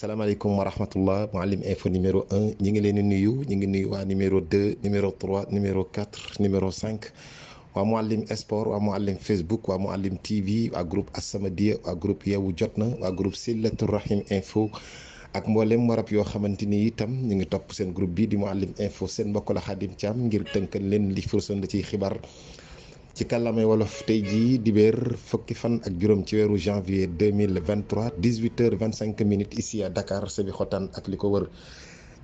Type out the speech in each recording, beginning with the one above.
salaamaaleykum wa rahmatullah Mouhalim info numéro un ñi ngi leen di nuyu ñu ngi nuyu waa numéro deux numéro trois numéro quatre numéro cinq waa Mouhalim sport waa Mouhalim Facebook waa Mouhalim TV waa groupe As-Samadiyya waa groupe Yeewu jot na waa groupe Silatul Rahim info ak mboolem warab yoo xamante ni itam ñu ngi topp seen groupe bii di Mouhalim info seen mbokk la Xaadim Thiam ngir tënkal leen li fursan la ciy xibaar. ci kàllaamay wolof tey jii dibéer fukki fan ak juróom ci weeru janvier deux mille vingt trois dix huit heures vingt cinq minutes ici à Dakar Sébikotane ak li ko wër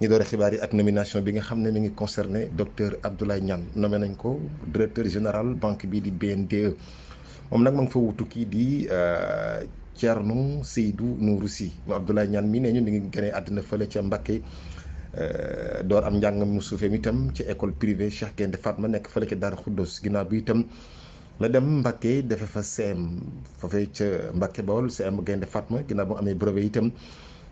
ñu a xibaar yi ak nomination bi nga xam ne mu ngi concerné docteur Abdoulaye ñaan nommé nañ ko directeur général banque bii di BNDE moom nag ma ngi fa wutu kii di. Euh, Thierno Seydou Nourou Sy mu Abdoulaye ñaan mii ne ñu ngi gënee àddina fële ca Mbacké Euh, door am njàngam mu suufeem itam ci école privée Cheikh Gaynde Fatma nekk ci ca Daaru Xuddos ginnaaw bi itam la dem Mbacke dafa fa CM foofee ca Mbacke Bawol CM Gaynde ma ginnaaw bu amee brevet itam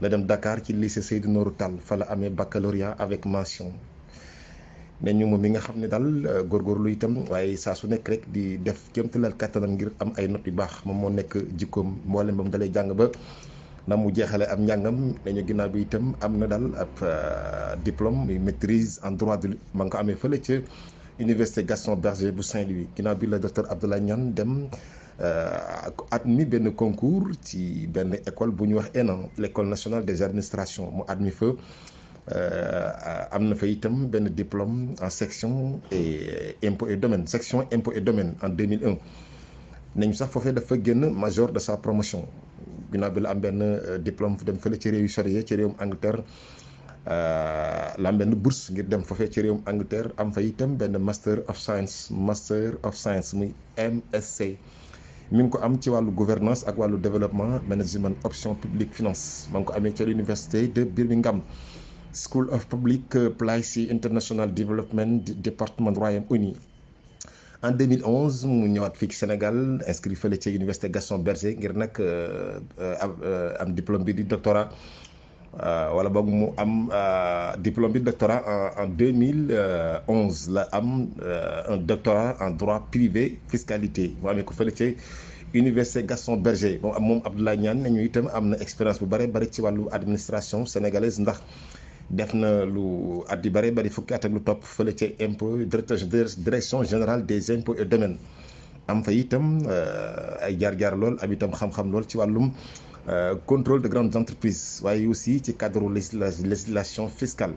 la dem Dakar ci lycée Seydou Nourou Tall fa la amee baccalauréat avec mention ne moom bi nga xam ne daal euh, góorgóorlu itam waaye saa su nekk rek di def kéemtalaal kattanam ngir am ay notes yu baax moom moo nekk jikkoom mboolem ba mu dalee jàng ba. na mu jeexale am njàngam dañu ginnaaw bi itam am na daal ab euh, diplôme muy maîtrise en droit de ma ngi ko amee fële ca université Gaston Berger bu Saint-Louis ginnaaw bi la docteur Abdoulaye Niane dem euh, admis benn concours ci benn école bu ñu wax ENAM l'école nationale des administrations mu admis fa euh, am na fa itam benn diplome en section et impôt et domaine section impôt et domaine en 2001 nañu sax foofee dafa génn major de sa promotion ginnaaw bi la am benn euh, diplôme dem fële ci réew yu sori ci réewum Angleterre euh, la am benn bourse ngir dem foofee ci réewum Angleterre am fa itam benn master of science master of science muy MSc mi ngi ko am ci wàllu gouvernance ak wàllu développement management option publique finance ma ngi ko amee ca l'université de Birmingham School of Public Policy International Development Department Royaume-Uni en 2011 mu ñëwaat fii ci Sénégal inscrit fële ci université Gaston Berger ngir nag euh, euh, euh, am diplôme bi di doctorat wala boog mu am diplôme bi doctorat en en 2011 la am un doctorat en droit privé fiscalité mu amee ko fële ci université Gaston Berger moom moom ñaan Niane ñu itam am na expérience bu bare bari ci wàllu administration sénégalaise ndax. def na lu at yu bëri bëri fukki at lu topp fële ca impôt direction générale des impôts et domaines am fa itam euh, ay jaar-jaar lool ab itam xam-xam lool ci wàllum euh, contrôle de grandes entreprises waaye aussi ci cadre législation fiscale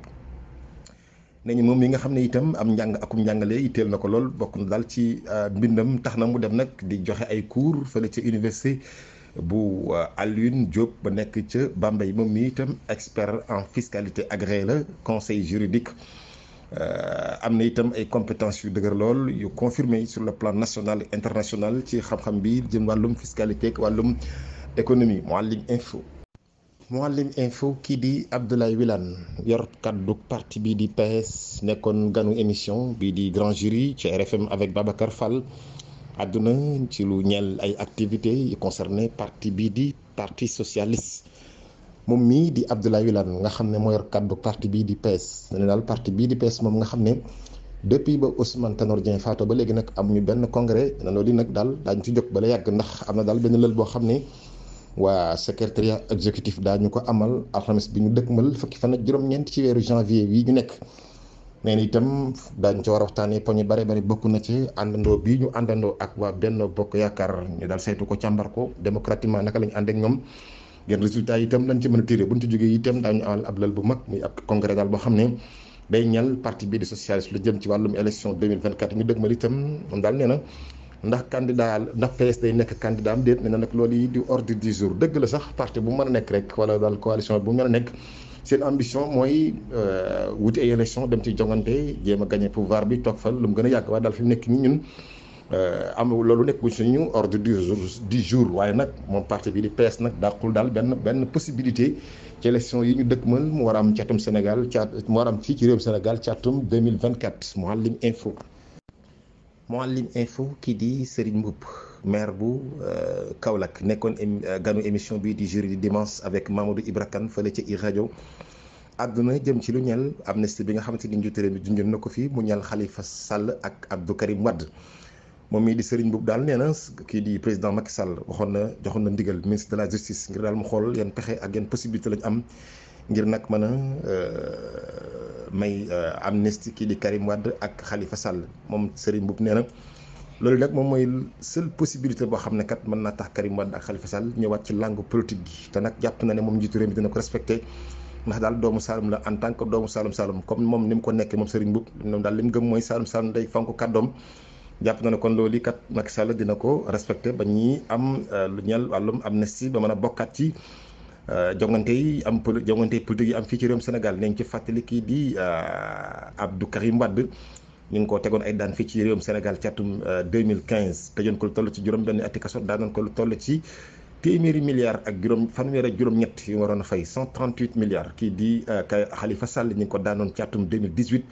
nañu moom yi nga xam ne itam am njàng akum njàngale iteel na ko lool bokk na daal ci euh, mbindam tax na mu dem nag di joxe ay cours fële ci université bu euh, Alioune Diop ba nekk ca Bambey moom mi itam expert en fiscalité agréé la conseil juridique euh, am na itam ay compétences yu dëgër lool yu confirmé sur le plan national et international ci xam-xam bi jëm wàllum fiscalité ak wàllum économie Mouhalim Info. Mouhalim Info kii di Abdoulaye Wilane yor kaddu parti bii di PS nekkoon ganu émission bii di grand jury ci RFM avec Babacar Fall. àdduna ci lu ñel ay activités yi concerné parti bii di parti socialist moom mii di Abdoulaye Wilane nga xam ne moo yor kàddu parti bii di PS ne daal parti bii di PS moom nga xam ne depuis ba Ousmane Tanor Dieng faatoo ba léegi nag am ñu benn congrès nanoo di nag daal daañ ci ba la yàgg ndax am na daal benn lël boo xam ne waa secrétariat daa ñu ko amal alxames bi ñu dëkkmal fukki fan ak juróom-ñeent ci weeru janvier wi ñu nekk nee na itam daañu ci war a waxtaanee poñ yu bare bari bokk na ci àndandoo bii ñu àndandoo ak waa benn bokk yaakaar ñu daal saytu ko càmbar ko démocratiquement naka lañu ànd ak ñoom ngeen résultat itam lañ ci mën a tiré buñ ci jógee itam daañu amal ab lël bu mag muy ab congrès daal boo xam ne day ñal parti bii di socialiste lu jëm ci wàllum élection 2024 ñu dëgmal itam moom daal nee na ndax candidat ndax PS day nekk candidat am déet nee na nag loolu dëgg la sax parti bu mën a nekk rek wala daal coalition bu mën seen ambition mooy euh, wuti ay élection dem ci jongante jéem a gagné pouvoir bi toog fa lu mu gën a yàgg waaye daal fi mu nekk nii ñun euh, am loolu nekk bu ñu ordre du jour du waaye nag moom parti bi di PS nag dàqul daal benn benn possibilité ci élection yi ñu dëkk mën mu war a am ci atum Sénégal ci mu war a am fii ci réewum Sénégal ci atum 2024 Mouhalim Info Mouhalim Info kii di Serigne Mboup maire bu euh, Kaolack nekkoon euh, ganu émission bii di jury di dimanche avec Mamadou Ibra Kane fële ci i rajo àdduna jëm ci lu ñel amnistie bi nga xam si ni njiitu réew mi junjoon na ko fii mu ñel Khalifa Sall ak Abdou Karim Wade moom mii di Serigne Boub daal nee na kii di président Macky Sall waxoon na joxoon na ndigal ministre de la justice ngir daal mu xool yan pexe ak yan possibilité lañu am ngir nag mën a euh, may amnistie kii di Karim Wade ak xalifa sàll moom Serigne Boub nee na. loolu nag moom mooy seule possibilité boo xam ne kat mën na tax Karim Wade ak Khalifa Sall ñëwaat ci langue politique gi te nag jàpp na ne moom njiitu réew mi dina ko respecté ndax daal doomu Saalum la en tant que doomu Saalum Saalum comme moom ni mu ko nekkee moom Serigne Mboup moom daal li mu gëm mooy Saalum Saalum day fonk kàddoom jàpp na ne kon loolu kat Macky Sall dina ko respecte ba ñi am euh, lu ñeel wàllum amnistie ba mën a bokkaat ci euh, jongante yi am jongante politique yi am fii ci réewum Sénégal nañ ci fàttali kii di euh, Abdou Karim Wade. ñu ngi ko tegoon ay daan fii ci réewum Sénégal ci atum 2015 euh, tëjoon ko lu toll ci juróom-benn ati kaso daanoon ko lu toll ci téeméeri milliards ak juróom fanweer ak juróom-ñett yu mu waroon a fay milliards kii di euh, kay Khalifa Sall ñu ko daanoon ci atum 2018.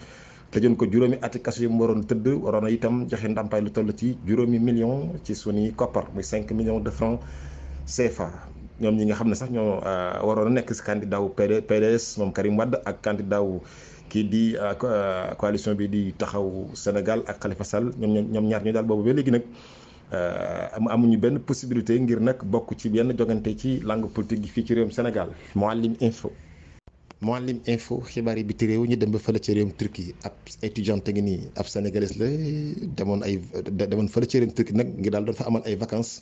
tëjoon ko juróomi ati kaso yu mu waroon tëdd waroon a itam joxe ndàmpaay lu toll ci juróomi million ci sunuy koppar muy 5 millions de francs CFA. ñoom ñi nga xam ne sax ñoo euh, waroon a nekk si candidat wu PDS moom Karim Wade ak candidat kii di euh, euh, coalition bii di taxaw Sénégal ak Khalifa Sall ñoom ñoom ñaar ñu daal boobu ba léegi nag euh, am amuñu benn possibilité ngir nag bokk ci benn jogante ci langue politique gi fii ci réew réewum Sénégal. Mouhalim Info. Mouhalim Info xibaar yi biti réew ñu dem ba fële ci réewum Turquie ab étudiante ngi nii ab sénégalais la demoon ay demoon fële ci réewum Turquie nag ngir daal doon fa amal ay vacances.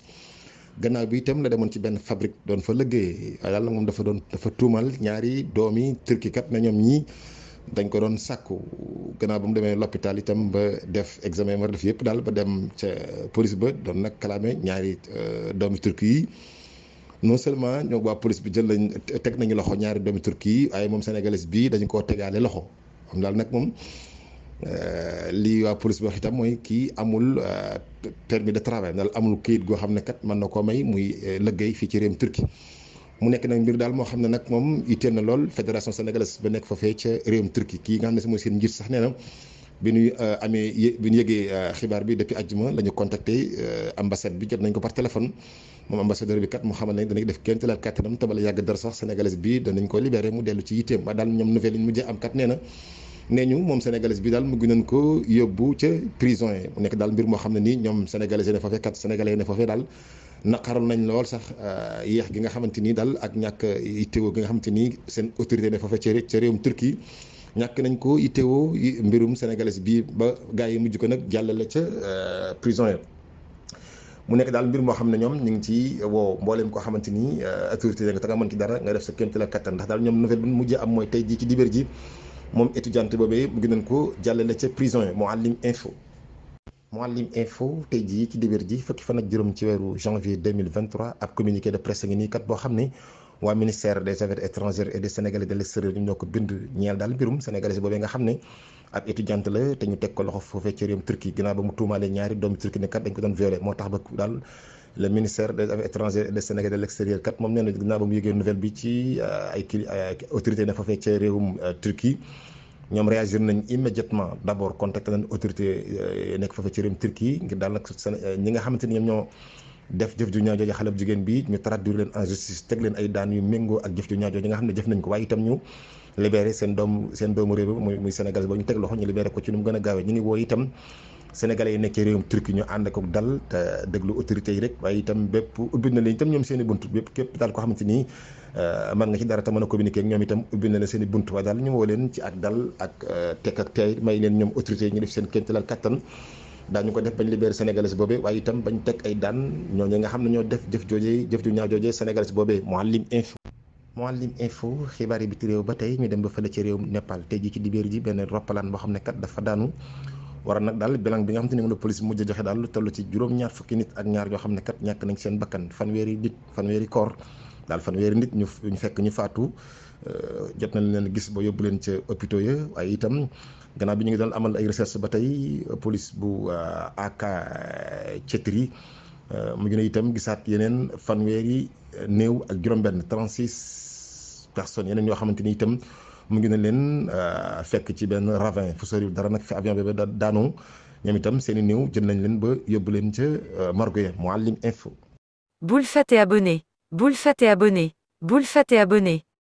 gannaaw bi itam la demoon ci benn fabrique doon fa liggéey waaye moom dafa doon dafa tuumal ñaari doomi turki kat na ñoom ñii dañ ko doon sàkku gannaaw ba mu demee l'hôpital itam ba def examen war def yëpp daal ba dem ca police ba doon nag kalaame ñaari euh, doomi turki yi non seulement ñoo waa police bi jël lañ teg nañu loxo ñaari doomi turki yi waaye moom sénégalais bi dañu koo tegaale loxo xam daal nag moom euh, lii waa police bi wax mooy kii amul euh, permis de travail daal amul kayit goo xam ne kat mën na koo may muy liggéey fii ci réewum turki mu nekk nag mbir daal moo xam ne nag moom itteel na lool fédération sénégalaise ba nekk foofee ca réewum euh, amee yé bi ñu yëgee euh, bi depuis ajjuma la ñu contacté euh, bi jot nañ ko par téléphone moom ambassadeur bi kat mu xamal ne danañ def kenn ci bi danañ ko libéré mu dellu ci yitteem ba daal ñoom nouvelle yi ñu mujjee am kat nee na. nee ñu moom sénégalais bi ko yóbbu ca prison yi nekk daal mbir moo xam ne nii ñoom sénégalais yi ne foofee kat sénégalais yi ne foofee daal. naqarul nañ lool sax euh, yéex gi nga xamante ni dal ak ñàkk yittewoo gi nga xamante ni seen autorité ne foofa ca ca réewum turki ñàkk nañ ko yittewoo mbirum sénégalais bii ba gars yi mujj ko nag jàllale ca euh, prison ya mu nekk daal mbir moo xam ne ñoom ñu ngi ci woo mbooleem ko xamante ni euh, autorité nga ta nga mën ci dara nga def sa kémti la kattan ndax daal ñoom nouvelle bu mujjee am mooy tey jii ci dibéer ji moom étudiante boobee mu ngi nañ ko jàllale ca prison yi moo àllim info Mouhalim info tey jii ci dibéer ji fukki fan ak juróom ci weeru janvier 2023 ab communiqué de presse ngi nii kat boo xam ni waa ministère des affaires étrangères et des sénégalais de l'extérieur ñoo ko bind ñeel daal mbirum sénégalais boobee nga xam ne ab étudiante la te ñu teg ko loxo foofee ci réewum Turquie ginnaaw ba mu tuumaale ñaari doomi Turquie ne kat dañ ko doon violé moo tax ba daal le ministère des affaires de l'extérieur ñoom réagir nañ immédiatement d' abord contacté nañ autorité euh, nekk foofu ci réewum Turquie ngir daal nag euh, ñi nga xamante ni ñoom ñoo def jëf ju ñaaw jooju xale bu jigéen bi ñu traduire leen en justice teg leen ay daan yu méngoo ak jëf ju ñaaw jooju nga xam ne jëf nañ ko waaye tam ñu libéré seen doom seen doomu réew muy muy Sénégal ba ñu teg loxo ñu libéré ko ci nu mu gën a gaawee ñu ngi woo itam sénégalais yi nekkee réewum turki ñu ànd ak dal te lu autorités yi rek waaye itam bépp ubbi na leen itam ñoom seeni i bunt bépp képp daal ko xamante nii euh, mën nga ci dara te mën a ñoom itam ubbi na la bunt waaye daal ñu woo ak dal ak euh, ak may leen ñoom autorités ñu def seen kéemtalaal kattan daañu ko def bañ libéré sénégalais boobee waaye itam bañ teg ay daan ñoo ñooñu nga xam ne ñoo def jëf joojee jëf ju ñaaw joojee sénégalais boobee Mouhalim Info Mouhalim Info xibaar bi biti réew ba tey ñu dem ba fële ci réewum Népal te ji ci dibéer ji benn roppalaan boo xam ne kat dafa daanu waral nag daal bilan bi nga xam te ne moom la police mujj joxe daal lu toll ci juróom-ñaar fukki nit ak ñaar yoo xam ne kat ñàkk nañ seen bakkan fanweeri nit fanweeri koor daal fanweeri nit ñu ñu fekk ñu faatu euh, jot nañ leen gis ba yóbbu leen ca hôpitaux ya waaye itam gannaaw bi ñu ngi doon amal ay recherche ba tey police bu euh, AK Thiétry euh, mu ngi ne itam gisaat yeneen fanweeri néew ak juróom-benn 36 personnes yeneen yoo xamante ni itam. mu ngi ne leen euh, fekk ci benn ravin fu soriwul dara nag fi avion bi ba daanu ñoom itam seen i néew jël nañ leen ba yóbbu leen ca euh, morgue Mouhalim info. bul fàtte abonné bul fàtte abonné bul fàtte abonné.